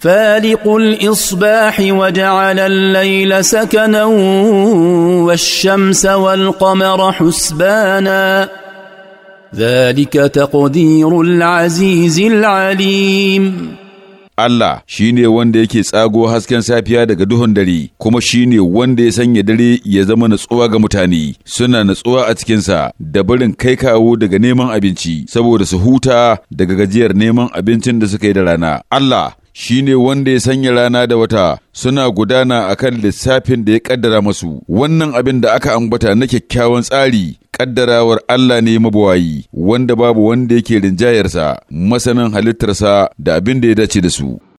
فالق الاصباح وجعل الليل سكنا والشمس والقمر حسبانا ذلك تقدير العزيز العليم Allah shi ne wanda yake tsago hasken safiya daga duhun dare, kuma shi ne wanda ya sanya dare ya zama natsuwa ga mutane, suna natsuwa a cikinsa da barin kai kawo daga neman abinci, saboda su huta daga gajiyar neman abincin da suka yi da rana. Allah shi ne wanda ya sanya rana da wata suna gudana a kan lissafin da ya kaddara masu, wannan abin da aka ambata na kyakkyawan tsari kaddarawar Allah ne mabawayi wanda babu wanda yake rinjayarsa masanin halittarsa da abin da ya dace da su.